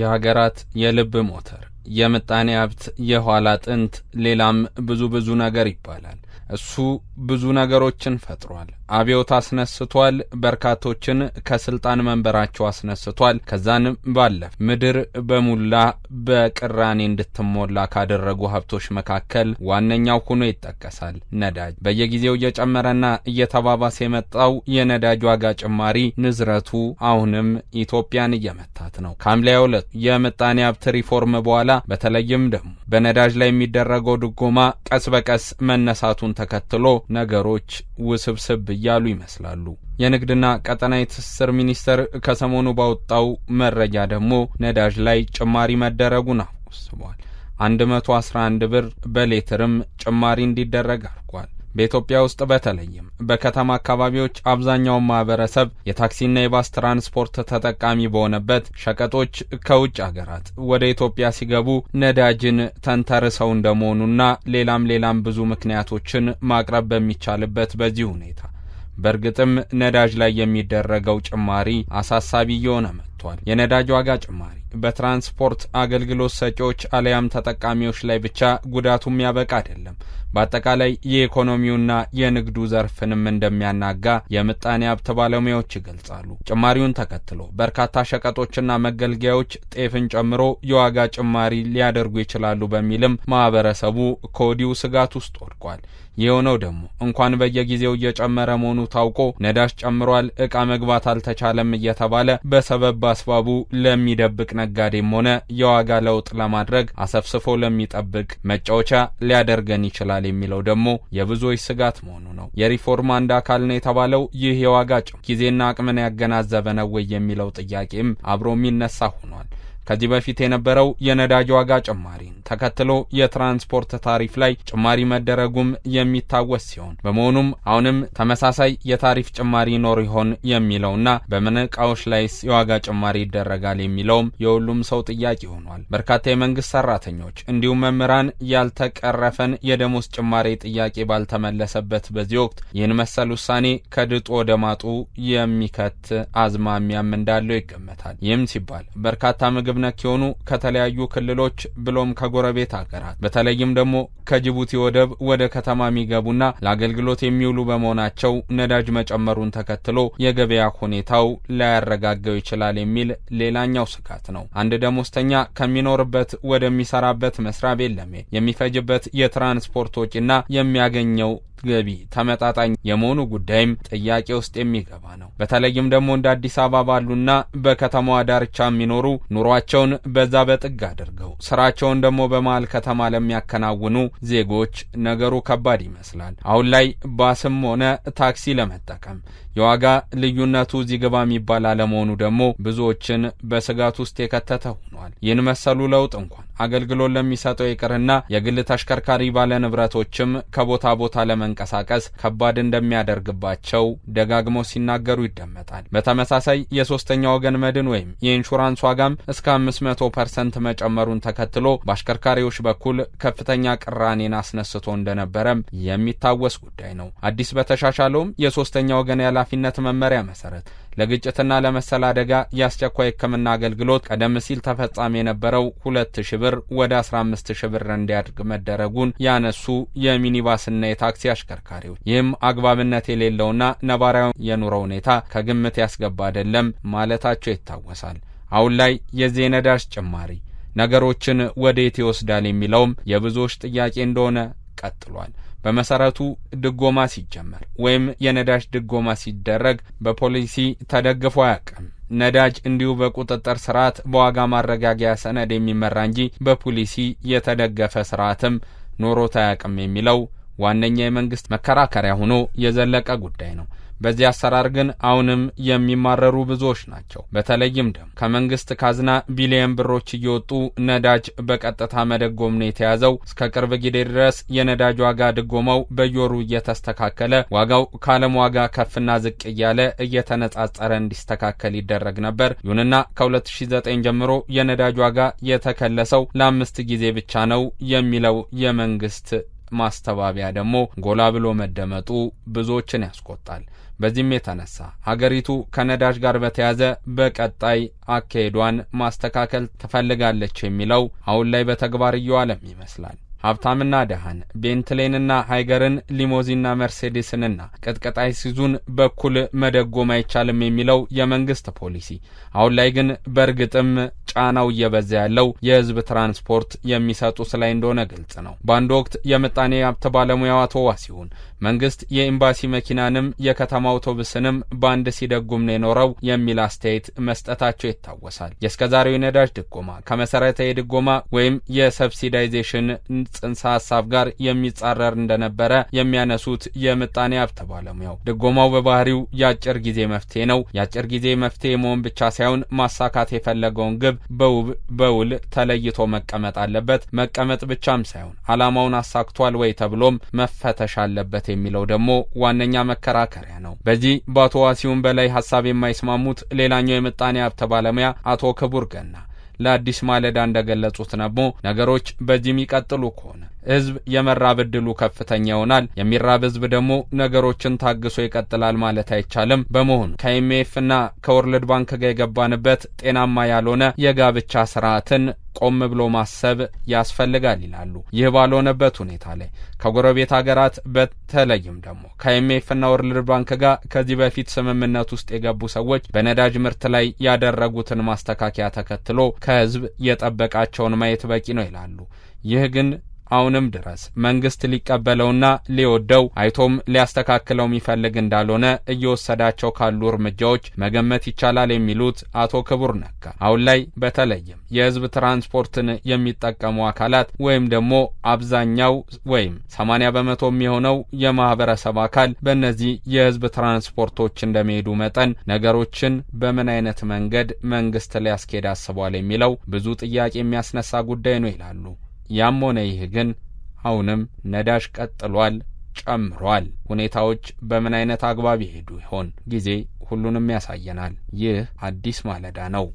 የሀገራት የልብ ሞተር፣ የምጣኔ ሀብት የኋላ አጥንት፣ ሌላም ብዙ ብዙ ነገር ይባላል። እሱ ብዙ ነገሮችን ፈጥሯል። አብዮት አስነስቷል። በርካቶችን ከስልጣን መንበራቸው አስነስቷል። ከዛን ባለፍ ምድር በሙላ በቅራኔ እንድትሞላ ካደረጉ ሀብቶች መካከል ዋነኛው ሆኖ ይጠቀሳል። ነዳጅ በየጊዜው እየጨመረና እየተባባሰ የመጣው የነዳጅ ዋጋ ጭማሪ ንዝረቱ አሁንም ኢትዮጵያን እየመታት ነው። ከሐምሌ ሁለት የምጣኔ ሀብት ሪፎርም በኋላ በተለይም ደግሞ በነዳጅ ላይ የሚደረገው ድጎማ ቀስ በቀስ መነሳቱ መምጣቱን ተከትሎ ነገሮች ውስብስብ እያሉ ይመስላሉ። የንግድና ቀጠና የትስስር ሚኒስቴር ከሰሞኑ ባወጣው መረጃ ደግሞ ነዳጅ ላይ ጭማሪ መደረጉን አወስቧል። 111 ብር በሌትርም ጭማሪ እንዲደረግ አድርጓል። በኢትዮጵያ ውስጥ በተለይም በከተማ አካባቢዎች አብዛኛውን ማህበረሰብ የታክሲና የባስ ትራንስፖርት ተጠቃሚ በሆነበት ሸቀጦች ከውጭ አገራት ወደ ኢትዮጵያ ሲገቡ ነዳጅን ተንተርሰው እንደመሆኑና ሌላም ሌላም ብዙ ምክንያቶችን ማቅረብ በሚቻልበት በዚህ ሁኔታ በእርግጥም ነዳጅ ላይ የሚደረገው ጭማሪ አሳሳቢ እየሆነ መጣ። መጥቷል። የነዳጅ ዋጋ ጭማሪ በትራንስፖርት አገልግሎት ሰጪዎች አሊያም ተጠቃሚዎች ላይ ብቻ ጉዳቱ የሚያበቃ አይደለም። በአጠቃላይ የኢኮኖሚውና የንግዱ ዘርፍንም እንደሚያናጋ የምጣኔ ሀብት ባለሙያዎች ይገልጻሉ። ጭማሪውን ተከትሎ በርካታ ሸቀጦችና መገልገያዎች ጤፍን ጨምሮ የዋጋ ጭማሪ ሊያደርጉ ይችላሉ በሚልም ማህበረሰቡ ከወዲሁ ስጋት ውስጥ ወድቋል። የሆነው ደግሞ እንኳን በየጊዜው እየጨመረ መሆኑ ታውቆ ነዳጅ ጨምሯል፣ እቃ መግባት አልተቻለም እየተባለ በሰበብ በአስባቡ ለሚደብቅ ነጋዴም ሆነ የዋጋ ለውጥ ለማድረግ አሰፍስፎ ለሚጠብቅ መጫወቻ ሊያደርገን ይችላል የሚለው ደግሞ የብዙዎች ስጋት መሆኑ ነው። የሪፎርም አንድ አካል ነው የተባለው ይህ የዋጋ ጭም ጊዜና አቅምን ያገናዘበ ነው ወይ የሚለው ጥያቄም አብሮ የሚነሳ ሆኗል። ከዚህ በፊት የነበረው የነዳጅ ዋጋ ጭማሪ ነው ተከትሎ የትራንስፖርት ታሪፍ ላይ ጭማሪ መደረጉም የሚታወስ ሲሆን በመሆኑም አሁንም ተመሳሳይ የታሪፍ ጭማሪ ይኖር ይሆን የሚለውና በምን እቃዎች ላይስ የዋጋ ጭማሪ ይደረጋል የሚለውም የሁሉም ሰው ጥያቄ ሆኗል። በርካታ የመንግስት ሰራተኞች እንዲሁም መምህራን ያልተቀረፈን የደሞዝ ጭማሪ ጥያቄ ባልተመለሰበት በዚህ ወቅት ይህን መሰል ውሳኔ ከድጡ ወደ ማጡ የሚከት አዝማሚያም እንዳለው ይገመታል። ይህም ሲባል በርካታ ምግብ ነክ የሆኑ ከተለያዩ ክልሎች ብሎም ከጎ ጎረቤት አገራት በተለይም ደግሞ ከጅቡቲ ወደብ ወደ ከተማ የሚገቡና ለአገልግሎት የሚውሉ በመሆናቸው ነዳጅ መጨመሩን ተከትሎ የገበያ ሁኔታው ላያረጋገው ይችላል የሚል ሌላኛው ስጋት ነው። አንድ ደሞዝተኛ ከሚኖርበት ወደሚሰራበት መስሪያ ቤት ለመሄድ የሚፈጅበት የትራንስፖርት ወጪና የሚያገኘው ገቢ ተመጣጣኝ የመሆኑ ጉዳይም ጥያቄ ውስጥ የሚገባ ነው። በተለይም ደግሞ እንደ አዲስ አበባ ባሉና በከተማዋ ዳርቻ የሚኖሩ ኑሯቸውን በዛ በጥግ አድርገው ስራቸውን ደግሞ በመሀል ከተማ ለሚያከናውኑ ዜጎች ነገሩ ከባድ ይመስላል። አሁን ላይ ባስም ሆነ ታክሲ ለመጠቀም የዋጋ ልዩነቱ እዚህ ግባ የሚባል አለመሆኑ ደግሞ ብዙዎችን በስጋት ውስጥ የከተተ ሆኗል። ይህን መሰሉ ለውጥ እንኳን አገልግሎት ለሚሰጠው ይቅርና የግል ተሽከርካሪ ባለንብረቶችም ከቦታ ቦታ ለመ መንቀሳቀስ ከባድ እንደሚያደርግባቸው ደጋግመው ሲናገሩ ይደመጣል። በተመሳሳይ የሶስተኛ ወገን መድን ወይም የኢንሹራንስ ዋጋም እስከ 500 ፐርሰንት መጨመሩን ተከትሎ በአሽከርካሪዎች በኩል ከፍተኛ ቅራኔን አስነስቶ እንደነበረም የሚታወስ ጉዳይ ነው። አዲስ በተሻሻለውም የሶስተኛ ወገን የኃላፊነት መመሪያ መሰረት ለግጭትና ለመሰል አደጋ የአስቸኳይ ሕክምና አገልግሎት ቀደም ሲል ተፈጻሚ የነበረው ሁለት ሺ ብር ወደ አስራ አምስት ሺ ብር እንዲያድግ መደረጉን ያነሱ የሚኒባስና የታክሲ አሽከርካሪዎች ይህም አግባብነት የሌለውና ነባራዊ የኑሮ ሁኔታ ከግምት ያስገባ አይደለም ማለታቸው ይታወሳል። አሁን ላይ የዚህ የነዳጅ ጭማሪ ነገሮችን ወዴት ይወስዳል የሚለውም የብዙዎች ጥያቄ እንደሆነ ቀጥሏል። በመሰረቱ ድጎማ ሲጀመር ወይም የነዳጅ ድጎማ ሲደረግ በፖሊሲ ተደግፎ አያውቅም። ነዳጅ እንዲሁ በቁጥጥር ስርዓት በዋጋ ማረጋጊያ ሰነድ የሚመራ እንጂ በፖሊሲ የተደገፈ ስርዓትም ኖሮት አያውቅም የሚለው ዋነኛ የመንግስት መከራከሪያ ሆኖ የዘለቀ ጉዳይ ነው። በዚህ አሰራር ግን አሁንም የሚማረሩ ብዙዎች ናቸው። በተለይም ደግሞ ከመንግስት ካዝና ቢሊየን ብሮች እየወጡ ነዳጅ በቀጥታ መደጎም ነው የተያዘው። እስከ ቅርብ ጊዜ ድረስ የነዳጅ ዋጋ ድጎማው በየወሩ እየተስተካከለ ዋጋው ከዓለም ዋጋ ከፍና ዝቅ እያለ እየተነጻጸረ እንዲስተካከል ይደረግ ነበር። ይሁንና ከ2009 ጀምሮ የነዳጅ ዋጋ የተከለሰው ለአምስት ጊዜ ብቻ ነው የሚለው የመንግስት ማስተባበያ ደግሞ ጎላ ብሎ መደመጡ ብዙዎችን ያስቆጣል። በዚህም የተነሳ ሀገሪቱ ከነዳጅ ጋር በተያያዘ በቀጣይ አካሄዷን ማስተካከል ትፈልጋለች የሚለው አሁን ላይ በተግባር እየዋለም ይመስላል። ሀብታምና ደሃን ቤንትሌንና ሃይገርን ሊሞዚንና መርሴዴስንና ቅጥቅጥ ሲዙን በኩል መደጎም አይቻልም የሚለው የመንግስት ፖሊሲ፣ አሁን ላይ ግን በእርግጥም ጫናው እየበዛ ያለው የህዝብ ትራንስፖርት የሚሰጡት ላይ እንደሆነ ግልጽ ነው። በአንድ ወቅት የምጣኔ ሀብት ባለሙያው አቶ ዋሲሁን መንግስት የኤምባሲ መኪናንም የከተማ አውቶቡስንም በአንድ ሲደጉም ነው የኖረው የሚል አስተያየት መስጠታቸው ይታወሳል። የእስከዛሬው የነዳጅ ድጎማ ከመሰረታዊ ድጎማ ወይም የሰብሲዳይዜሽን ጽንሰ ሀሳብ ጋር የሚጻረር እንደነበረ የሚያነሱት የምጣኔ ሀብት ባለሙያው ድጎማው በባህሪው የአጭር ጊዜ መፍትሄ ነው። የአጭር ጊዜ መፍትሄ መሆን ብቻ ሳይሆን ማሳካት የፈለገውን ግብ በውብ በውል ተለይቶ መቀመጥ አለበት። መቀመጥ ብቻም ሳይሆን አላማውን አሳክቷል ወይ ተብሎም መፈተሽ አለበት የሚለው ደግሞ ዋነኛ መከራከሪያ ነው። በዚህ በአቶ ዋሲሁን በላይ ሀሳብ የማይስማሙት ሌላኛው የምጣኔ ሀብት ባለሙያ አቶ ክቡር ገና ለአዲስ ማለዳ እንደገለጹት ነቦ ነገሮች በዚህ የሚቀጥሉ ከሆነ ህዝብ የመራብ እድሉ ከፍተኛ ይሆናል። የሚራብ ህዝብ ደግሞ ነገሮችን ታግሶ ይቀጥላል ማለት አይቻልም። በመሆኑ ከአይኤምኤፍና ከወርልድ ባንክ ጋር የገባንበት ጤናማ ያልሆነ የጋብቻ ስርዓትን ቆም ብሎ ማሰብ ያስፈልጋል ይላሉ። ይህ ባልሆነበት ሁኔታ ላይ ከጎረቤት ሀገራት በተለይም ደግሞ ከኤምኤፍና ወርልድ ባንክ ጋር ከዚህ በፊት ስምምነት ውስጥ የገቡ ሰዎች በነዳጅ ምርት ላይ ያደረጉትን ማስተካከያ ተከትሎ ከህዝብ የጠበቃቸውን ማየት በቂ ነው ይላሉ። ይህ ግን አሁንም ድረስ መንግስት ሊቀበለውና ሊወደው አይቶም ሊያስተካክለው የሚፈልግ እንዳልሆነ እየወሰዳቸው ካሉ እርምጃዎች መገመት ይቻላል የሚሉት አቶ ክቡር ነካ አሁን ላይ በተለይም የህዝብ ትራንስፖርትን የሚጠቀሙ አካላት ወይም ደግሞ አብዛኛው ወይም ሰማንያ በመቶ የሚሆነው የማህበረሰብ አካል በእነዚህ የህዝብ ትራንስፖርቶች እንደሚሄዱ መጠን ነገሮችን በምን አይነት መንገድ መንግስት ሊያስኬድ አስቧል የሚለው ብዙ ጥያቄ የሚያስነሳ ጉዳይ ነው ይላሉ። ያም ሆነ ይህ ግን አሁንም ነዳጅ ቀጥሏል፣ ጨምሯል። ሁኔታዎች በምን አይነት አግባብ ይሄዱ ይሆን? ጊዜ ሁሉንም ያሳየናል። ይህ አዲስ ማለዳ ነው።